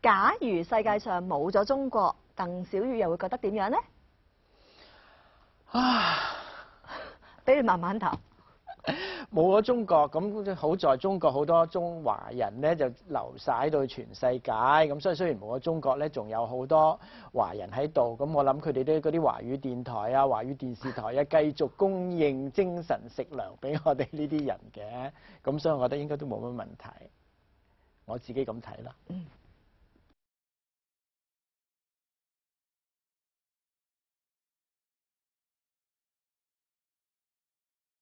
假如世界上冇咗中國，鄧小宇又會覺得點樣呢？啊！俾你慢慢答。冇咗中國，咁好在中國好多中華人咧，就流晒到全世界。咁所以雖然冇咗中國咧，仲有好多華人喺度。咁我諗佢哋都嗰啲華語電台啊、華語電視台啊，繼續供應精神食糧俾我哋呢啲人嘅。咁所以我覺得應該都冇乜問題。我自己咁睇啦。嗯